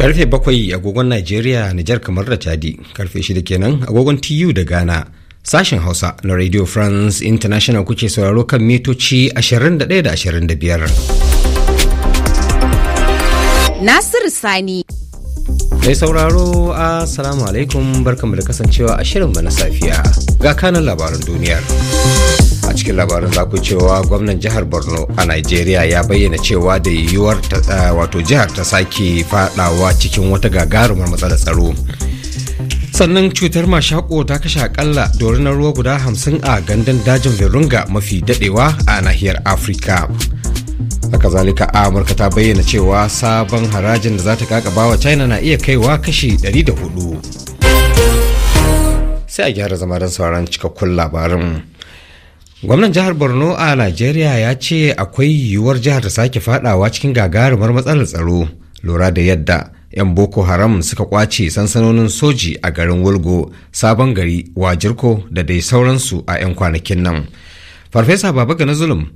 karfe bakwai agogon Najeriya, Nijar kamar da Chadi, karfe shida kenan agogon TU da Ghana. Sashen Hausa na Radio France International kuke sauraro kan mitoci 21 da 25. Nasiru Sani. Mai sauraro Assalamu alaikum barkan da kasancewa a shirin na safiya ga kanan labaran duniyar. cikin labarin zaku cewa gwamnan jihar borno a nigeria ya bayyana cewa da yiwuwar wato jihar ta sake fadawa cikin wata gagarumar matsalar tsaro sannan cutar mashako ta kashe akalla dorinar ruwa guda hamsin a gandun dajin virunga mafi dadewa a nahiyar afirka haka zalika amurka ta bayyana cewa sabon harajin da za ta kakaba wa china na iya kaiwa kashi 400 sai a gyara zama don sauran cikakkun labarin gwamnan jihar borno a najeriya ya ce akwai yiwuwar jihar ta sake fadawa cikin gagarumar matsalar tsaro lura da yadda 'yan boko haram suka kwace sansanonin soji a garin wulgo sabon gari wajirko da dai sauransu a 'yan kwanakin nan farfesa baba gana zulum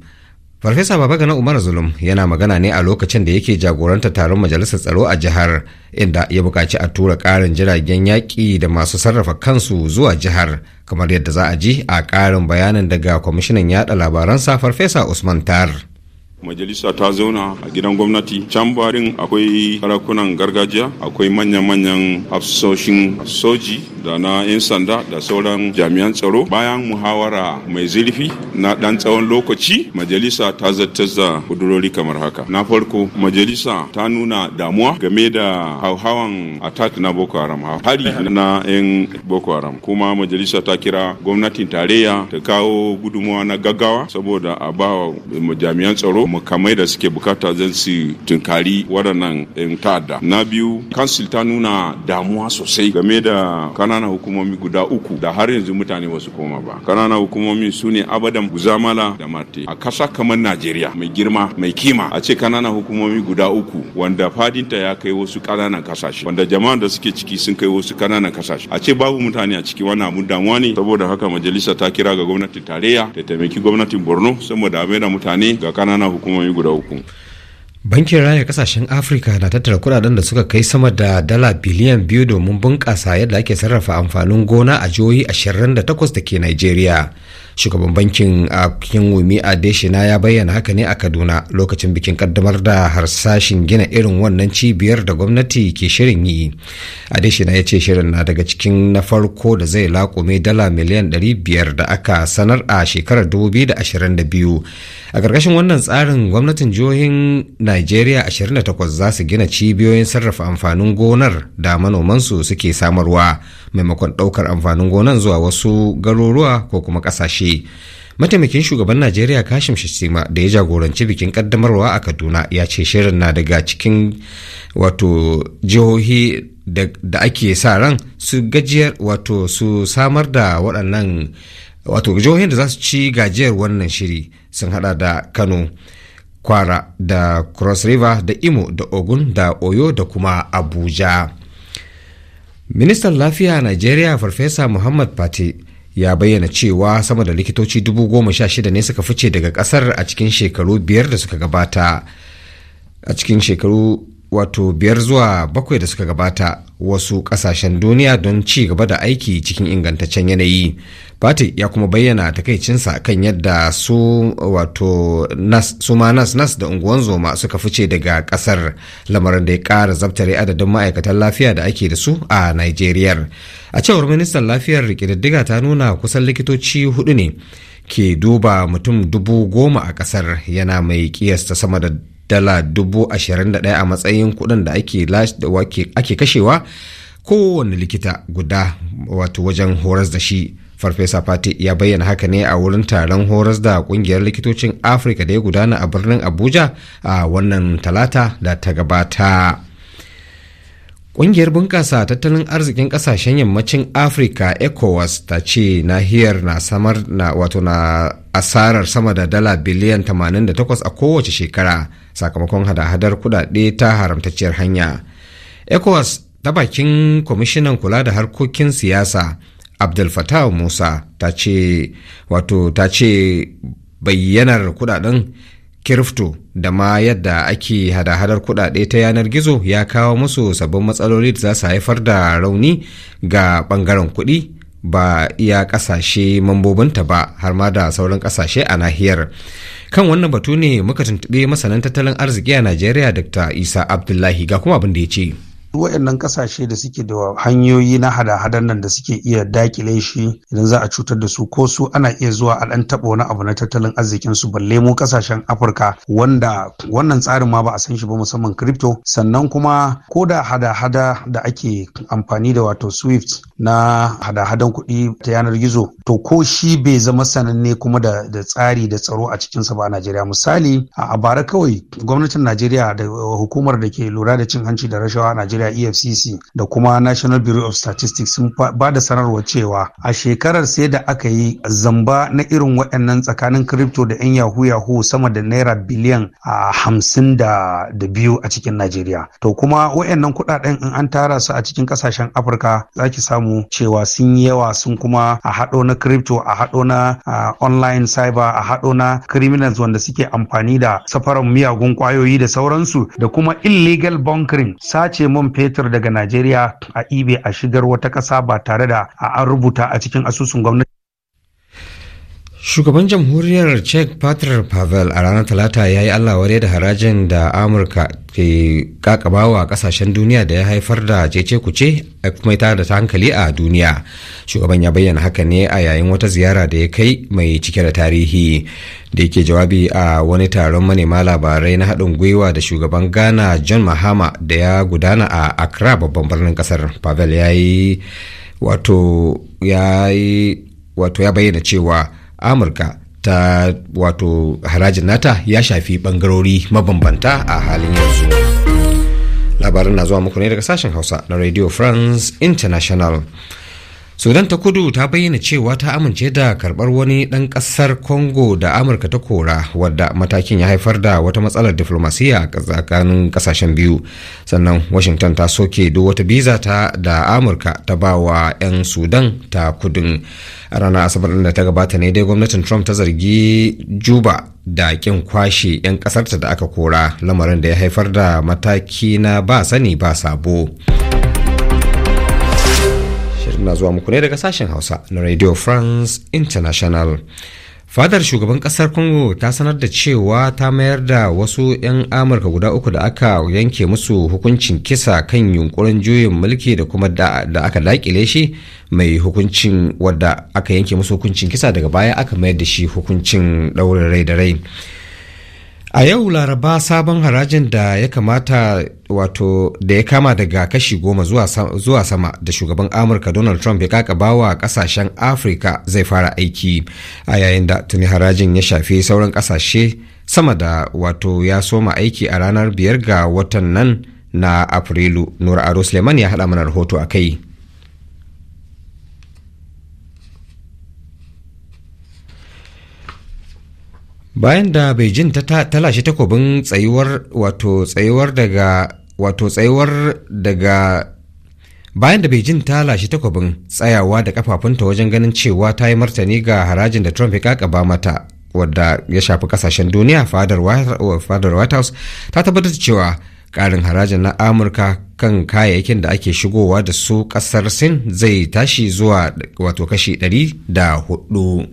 Farfesa Baba Gana Umar Zulum yana magana ne a lokacin da yake jagoranta taron majalisar tsaro a jihar inda ya buƙaci a tura ƙarin jiragen yaƙi da masu sarrafa kansu zuwa jihar kamar yadda za a ji a ƙarin bayanin daga kwamishinan yaɗa labaransa Farfesa Usman Tar. majalisa ta zauna a gidan gwamnati can barin akwai sarakunan gargajiya akwai manya-manyan hafsoshin soji da na 'yan sanda da sauran jami'an tsaro bayan muhawara mai zurfi na ɗan tsawon lokaci majalisa ta zartar da kudurori kamar haka na farko majalisa ta nuna damuwa game da hauhawan attack na boko haram hari na 'yan boko haram kuma majalisa ta kira gwamnatin tarayya ta kawo gudumawa na gaggawa saboda a ba jami'an tsaro makamai da suke bukata zan su tunkari waɗannan 'yan ta'adda na biyu kansil ta nuna damuwa sosai game da kana kanana hukumomi guda uku da har yanzu mutane ba su koma ba kanana hukumomi su ne abadan guzamala da mate a kasa kamar najeriya mai girma mai kima a ce kanana hukumomi guda uku wanda fadinta ya kai wasu kananan kasashe wanda jama'an da suke ciki sun kai wasu kananan kasashe a ce babu mutane a ciki wannan abun damuwa ne saboda haka majalisa ta kira ga gwamnatin tarayya da taimaki gwamnatin borno saboda da mutane ga kanana hukumomi guda uku Bankin raya kasashen Afirka na tattara kudaden da suka kai sama da dala biliyan biyu domin bunƙasa yadda ake sarrafa amfanin gona a jihohi 28 da ke Najeriya. shugaban bankin a wumi a deshina ya bayyana haka ne a kaduna lokacin bikin kaddamar da harsashin gina irin wannan cibiyar da gwamnati ke shirin yi a deshina ya ce shirin na daga cikin na farko da zai laƙume dala miliyan 500 da aka sanar a shekarar 2022 a ƙarƙashin wannan tsarin gwamnatin jihohin najeriya 28 za su gina cibiyoyin sarrafa amfanin gonar da manomansu suke samarwa maimakon ɗaukar amfanin gonan zuwa wasu garuruwa ko kuma ƙasashe ce mataimakin shugaban najeriya kashim shisima da ya jagoranci bikin kaddamarwa a kaduna ya ce shirin na daga cikin wato jihohi da ake sa ran su gajiyar wato su samar da waɗannan wato jihohin da za su ci gajiyar wannan shiri sun hada da kano kwara da cross river da imo da ogun da oyo da kuma abuja ministan lafiya a najeriya farfesa muhammad pate ya bayyana cewa sama da likitoci dubu goma sha shida ne suka fice daga kasar a cikin shekaru biyar da suka gabata a cikin shekaru wato biyar zuwa bakwai da suka gabata wasu kasashen duniya don ci gaba da aiki cikin ingantaccen yanayi Fati ya kuma bayyana takaicinsa kan yadda su wato nas su ma nas nas da unguwan zoma suka fice daga kasar lamarin da ya kara zabtare adadin ma'aikatan lafiya da ake da su a Nigeria. A cewar ministan lafiyar ƙididdiga ta nuna kusan likitoci hudu ne ke duba mutum dubu goma a kasar yana mai kiyasta sama da dala dubu ashirin da ɗaya a matsayin kuɗin da ake kashewa kowane likita guda wato wajen horas da shi farfesa fati ya bayyana haka ne a wurin taron horas da kungiyar likitocin afirka da ya gudana a birnin abuja a wannan talata da ta gabata Ƙungiyar bunƙasa tattalin arzikin ƙasashen yammacin Afirka ECOWAS ta ce nahiyar na samar na wato na asarar sama da dala biliyan 88 a kowace shekara sakamakon hada-hadar kudade ta haramtacciyar hanya. ECOWAS ta bakin kwamishinan kula da harkokin siyasa abdul fatah musa ta ce wato ta ce bayyanar kudaden kirifto da ma yadda ake hada-hadar kudade ta yanar gizo ya kawo musu sabbin matsaloli da za su haifar da rauni ga bangaren kudi ba iya kasashe mambobinta ba har ma da sauran kasashe a nahiyar kan wannan batu ne muka tuntube masanan tattalin arziki a najeriya dr isa abdullahi ga kuma abin da ya ce waɗannan ƙasashe da suke da hanyoyi na hada-hadan nan da suke iya dakile shi idan za a cutar da su ko su ana iya zuwa a ɗan taɓa wani abu na tattalin arzikin su balle mu ƙasashen afirka wanda wannan tsarin ma ba a san shi ba musamman crypto sannan kuma ko da hada-hada da ake amfani da wato swift na hada-hadan kuɗi ta yanar gizo to ko shi bai zama sananne kuma da, da tsari da tsaro a cikinsa ba a najeriya misali a bara kawai gwamnatin najeriya da hukumar da ke lura da cin hanci da rashawa a najeriya Najeriya EFCC da kuma National Bureau of Statistics sun ba da sanarwa cewa a shekarar sai da aka yi zamba na irin waɗannan tsakanin crypto da 'yan yahoo yahoo sama da naira biliyan a hamsin da biyu a cikin Najeriya. To kuma waɗannan kuɗaɗen in an tara su a cikin ƙasashen Afirka za ki samu cewa sun yi yawa sun kuma a haɗo na crypto a haɗo na online cyber a haɗo na criminals wanda suke amfani da safaran miyagun kwayoyi da sauransu da kuma illegal bunkering sace man fetur daga Najeriya a ibe a shigar wata ƙasa ba tare da a an rubuta a cikin asusun gwamnati. shugaban jamhuriyar czech patrick pavel a ranar talata ya yi ware da harajin da amurka ke kakabawa kasashen duniya da ya haifar da cece kuce kuma ita da ta hankali a duniya shugaban ya bayyana haka ne a yayin wata ziyara da ya kai mai cike da tarihi da yake jawabi a wani taron manema labarai na haɗin gwiwa da shugaban ghana john mahama da ya gudana a accra babban birnin kasar pavel ya yi wato ya bayyana cewa amurka ta wato harajin nata ya shafi bangarori mabambanta a halin yanzu labarin na zuwa muku ne daga sashen hausa na radio france international sudan ta kudu ta bayyana cewa ta amince da karbar wani dan kasar congo da amurka ta kora wadda matakin ya haifar da wata matsalar diflomasiyya a tsakanin kasashen biyu sannan washington ta soke duk wata biza ta da amurka ta ba wa 'yan sudan ta kudin a ranar asabar da ta gabata ne dai gwamnatin trump ta zargi juba da kin kwashe 'yan kasarta da aka kora lamarin da ya haifar da mataki na ba sani ba sabo. shirin na zuwa muku ne daga sashen hausa na radio france international fadar shugaban kasar congo ta sanar da cewa ta mayar da wasu 'yan amurka guda uku da aka yanke musu hukuncin kisa kan yunkurin juyin mulki da kuma da aka dakile shi mai hukuncin wadda aka yanke musu hukuncin kisa daga baya aka mayar da shi hukuncin daurin rai da rai a yau laraba sabon harajin da ya kamata wato da ya kama daga kashi goma zuwa sama da shugaban amurka donald trump ya kakaba wa kasashen afirka zai fara aiki a yayin da tuni harajin ya shafi sauran kasashe sama da wato ya soma aiki a ranar biyar ga watan nan na afrilu nura aro suleiman ya haɗa mana rahoto a kai bayan da beijing ta lashe takobin tsayuwar wato tsayuwar daga wato tsayuwar daga bayan da beijing ta lashe takobin tsayawa da kafafunta wajen ganin cewa ta yi martani ga harajin da trump ya kakaba mata wadda ya shafi kasashen duniya fadar white house ta tabbatar da cewa karin harajin na amurka kan kayayyakin da ake shigowa da su kasar sin zai tashi zuwa wato kashi 104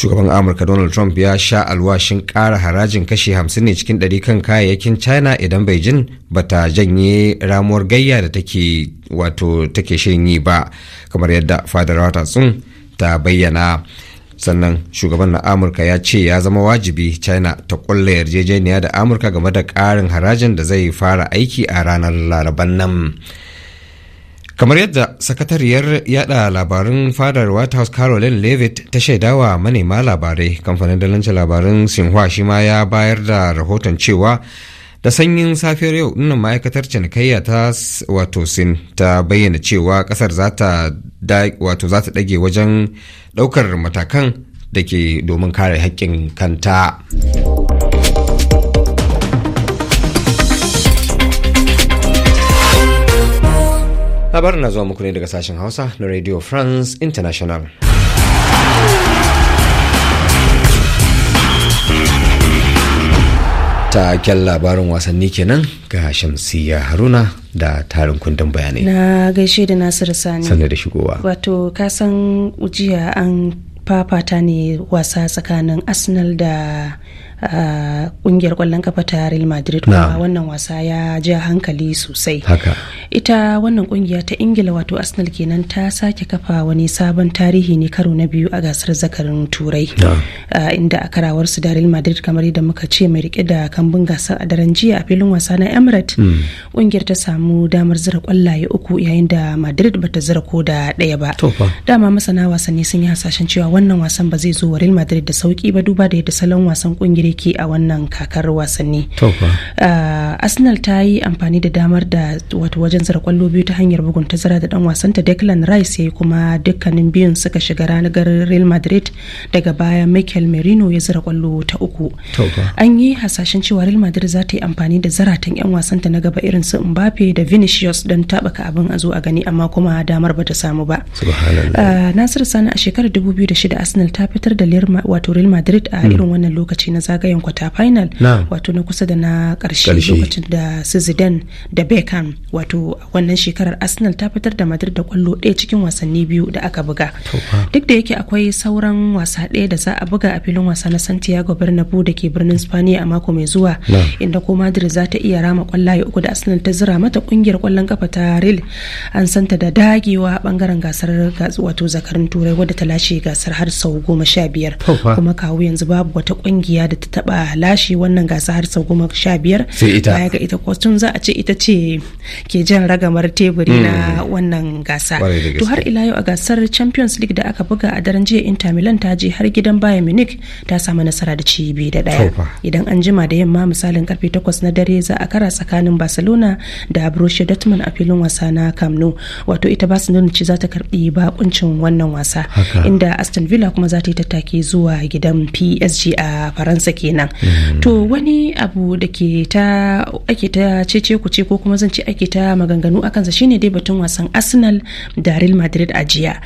shugaban amurka donald trump ya sha alwashin kara harajin kashe hamsin ne cikin ɗari kan kayayyakin china idan beijing bata janye ramuwar gayya da take wato take shirin yi ba kamar yadda fadar watatsun ta bayyana sannan shugaban na amurka ya ce ya zama wajibi china ta kulla yarjejeniya da amurka game da karin harajin da zai fara aiki a ranar laraban nan kamar yadda sakatariyar yada labarun fadar white house caroline levitt ta shaidawa manema labarai kamfanin dalancin labarun sinhua shi ma ya bayar da rahoton cewa da sanyin safiyar yau nuna ma'aikatar cinikayya ta wato sin ta bayyana cewa kasar za ta dage wajen daukar matakan da ke domin kare haƙƙin kanta Labar na zuwa muku ne daga sashen hausa na radio france international taken labarin wasanni kenan ga shamsiya haruna da tarin kundin bayanai na gaishe da nasiru sani sannu da shigowa wato kasan ujiya an fafata ne wasa tsakanin arsenal da Eh, kungiyar kwallon kafa ta Real Madrid kuma wannan wasa ya ja hankali sosai. Ita wannan kungiya ta Ingila wato Arsenal kenan ta sake kafa wani sabon tarihi ne karo na biyu a gasar zakarin Turai. Eh, inda a karawar su da Real Madrid kamar yadda muka ce mai rike da kambun gasar a daren jiya a filin wasa na Emirates. Hmm. Kungiyar ta samu damar zira kwallaye uku yayin da Madrid bata zira ko da daya ba. Dama masana wasanni sun yi hasashen cewa wannan wasan ba zai zo wa Real Madrid da sauki ba duba da yadda salon wasan kungiyar mulki a wannan kakar wasanni ah, arsenal ta yi amfani da damar da wato wajen zara kwallo biyu ta hanyar bugun tazara da dan wasanta declan rice ya yi kuma dukkanin biyun suka shiga ranar real madrid daga baya michael merino ya zara kwallo ta uku an yi hasashen cewa real madrid za ta yi amfani da zaratan yan wasanta na gaba irin su mbappe da vinicius don tabaka abin a zo a gani amma kuma damar bata samu ba ah, nasiru sani a shekarar 2006 arsenal ta fitar da wato real madrid a hmm. irin wannan lokaci na zaga zagayen kwata final wato na kusa da na karshe lokacin da su da Beckham wato wannan shekarar Arsenal ta fitar da Madrid da kwallo ɗaya cikin wasanni biyu da aka buga duk da yake akwai sauran wasa ɗaya da za a buga a filin wasa na Santiago Bernabeu da ke birnin Spaniya a mako mai zuwa inda ko Madrid za ta iya rama kwallaye uku da Arsenal ta zira mata kungiyar kwallon kafa ta Real an santa da dagewa bangaren gasar wato zakarin Turai wadda ta lashe gasar har sau goma sha biyar kuma kawo yanzu babu wata kungiya da ta taba lashe wannan gasa har sau goma sha biyar baya ga ita ko tun za a ce ita ce ke jan ragamar teburi na hmm. wannan gasa to har ila yau a gasar champions league da aka buga a daren jiya inter milan ta je har gidan bayern munich ta samu nasara da ci biyu da daya idan an jima da yamma misalin karfe takwas na dare za a kara tsakanin barcelona da borussia dortmund a filin wasa na camp wato ita barcelona ce za ta karbi bakuncin wannan wasa inda aston villa kuma za ta yi tattaki zuwa gidan psg a faransa kenan mm. to wani abu da ke ta ake ta cece ku ce ko kuma zan ce ake ta maganganu a kansa shine dai batun wasan arsenal da real madrid a jiya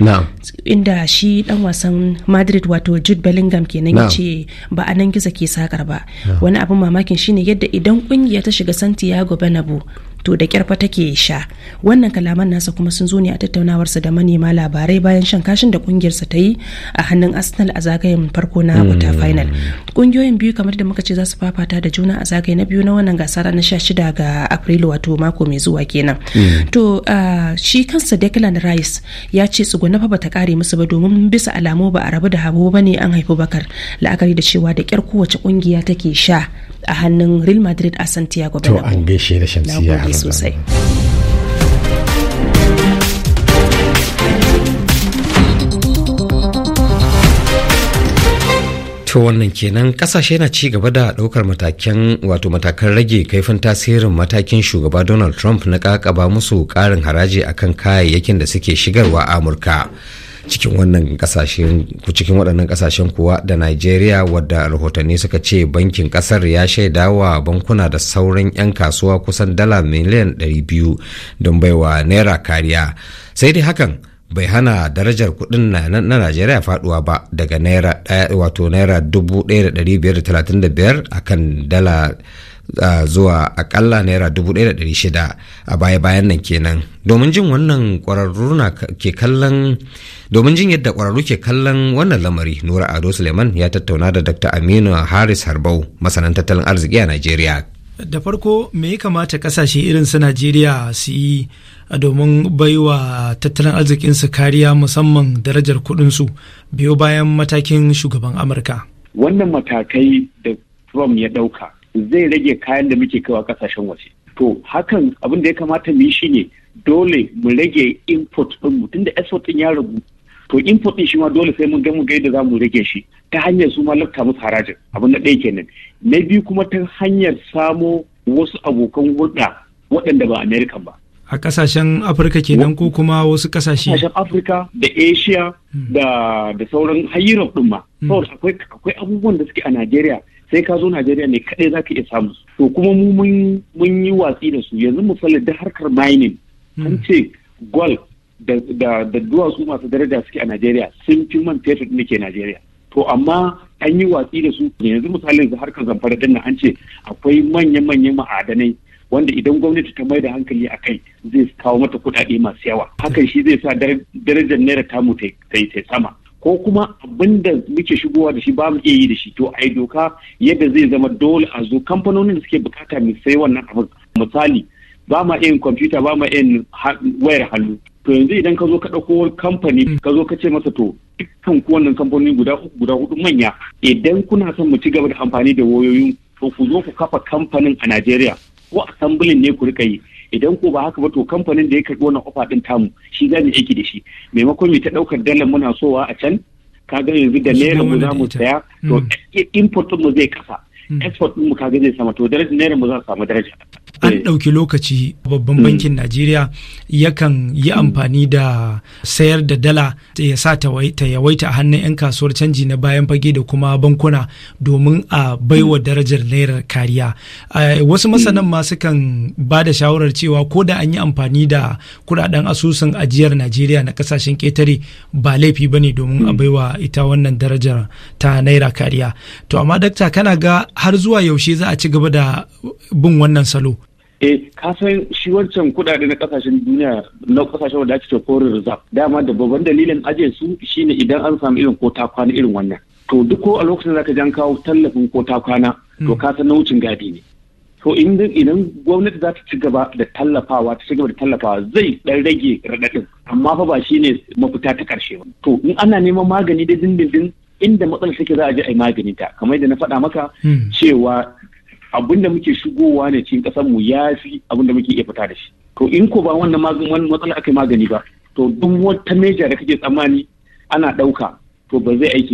inda shi dan wasan madrid wato jude bellingham kenan ya ce ba a nan gizo ke sakar ba wani abin mamakin shine yadda idan kungiya ta shiga santiago bernabeu to da kyarfa take sha wannan kalaman nasa kuma sun zo ne a tattaunawar sa da manema labarai bayan shan kashin da kungiyarsa ta yi a hannun arsenal a zagayen farko na wata hmm. final kungiyoyin biyu kamar da muka ce za su fafata da juna a zagaye na biyu na wannan gasa sha 16 ga afrilu wato mako mai zuwa kenan hmm. to shi kansa declan rice ya ce na fa bata kare musu ba domin bisa alamu ba a rabu da habu bane an haifi bakar la'akari da cewa da kyar kowace kungiya take sha a hannun real madrid a santiago bernabeu to an gaishe da shamsiya sosai to wannan kenan kasashe na ci gaba da daukar matakan wato matakan rage kaifin tasirin matakin shugaba donald trump na kakaba musu karin haraji akan kayayyakin da suke shigarwa a amurka cikin wannan kasashen cikin waɗannan kasashen kuwa da Najeriya wadda rahotanni suka ce bankin ƙasar ya shaidawa bankuna da sauran 'yan kasuwa kusan dala miliyan 200 don baiwa naira kariya sai dai hakan bai hana darajar kuɗin na Najeriya faduwa ba daga naira wato naira 1535 akan dala zuwa akalla naira dubu ɗaya da 1,600 a baya-bayan nan kenan domin jin wannan kwararru na ke kallon domin jin yadda kwararru ke kallon wannan lamari nura ado suleiman ya tattauna da dr aminu haris harbau masanan tattalin arziki a nigeria. da farko me ya kamata kasashe irin su nigeria su yi domin baiwa tattalin arzikinsu kariya musamman darajar kudinsu biyo bayan matakin shugaban amurka wannan matakai da trump ya ɗauka zai rage kayan da muke kawa kasashen waje to hakan abin da ya kamata mu yi shine dole mu rage import din mu tunda export ɗin ya ragu to import ɗin shi ma dole sai mun ga mu ga yadda zamu rage shi ta hanyar su ma lafta musu harajin abin da ɗaya kenan na biyu kuma ta hanyar samo wasu abokan hulɗa waɗanda ba American ba a kasashen afirka kenan ko kuma wasu kasashe kasashen afirka da asia hmm. da sauran hayyarar ɗin ma hmm. saboda akwai abubuwan da suke a Najeriya. sai ka zo Najeriya ne kaɗai za ka iya samu to kuma mu mun yi watsi da su yanzu misali da harkar mining an hmm. ce gold da duwatsu masu daraja suke a Najeriya sun fi man fetur ɗin ke Najeriya to amma an yi watsi da su yanzu misalin da harkar zamfara dinnan an ce akwai manya-manyan ma'adanai wanda idan gwamnati ta mai da hankali a kai zai kawo mata kuɗaɗe masu yawa hakan shi zai sa darajar naira tamu ta yi sama ko kuma abinda muke shigowa da shi ba mu iya yi da shi to ai doka yadda zai zama dole a zo kamfanonin da suke bukata mu sai wannan abin misali ba ma yin kwamfuta ba ma yin wayar hannu to yanzu idan ka zo ka ɗauko kamfani ka zo ka ce masa to dukkan ku wannan kamfanoni guda uku guda hudu manya idan kuna son mu ci gaba da amfani da wayoyin to ku zo ku kafa kamfanin a Najeriya ko assembling ne ku rika yi idan ko ba haka ba to kamfanin da ya karɓi wannan ofa ɗin tamu shi za mu aiki da shi maimakon mu ta ɗaukar dalar muna sowa a can ka ga yanzu da naira mu za mu saya to import hmm. mu zai kasa hmm. export mu ga zai sama to darajar naira mu za mu samu daraja an eh. ɗauki lokaci babban hmm. bankin najeriya yakan yi hmm. amfani da sayar da dala ya sa ta yawaita a hannun 'yan kasuwar canji na bayan fage da kuma bankuna domin a baiwa hmm. darajar lairar kariya eh, wasu masanan ma sukan ba da shawarar cewa ko da an yi amfani da kudaden asusun ajiyar najeriya na kasashen ketare ba laifi ba ne domin a baiwa ita wannan darajar ta naira kariya to amma dakta kana ga har zuwa yaushe za a ci gaba da bin wannan salo eh kasan shi wancan kudade na kasashen duniya na kasashen wanda ake foreign reserve dama da babban dalilin ajiye su shine idan an samu irin ko takwana irin wannan to duk ko a lokacin zaka jan kawo tallafin ko takwana. to hmm. ka san na wucin gadi ne to idan gwamnati za ta ci gaba da tallafawa ta ci gaba da tallafawa zai dan rage radadin amma fa ba shine mafita ta karshe ba to in ana neman magani da dindindin inda matsalar take za a je a yi magani ta kamar yadda na faɗa maka hmm. cewa abin da muke shigowa ne cikin ƙasar mu ya fi abin da muke iya fita da shi to in ko ba wannan matsala aka magani ba to duk wata meja da kake tsammani ana ɗauka to ba zai aiki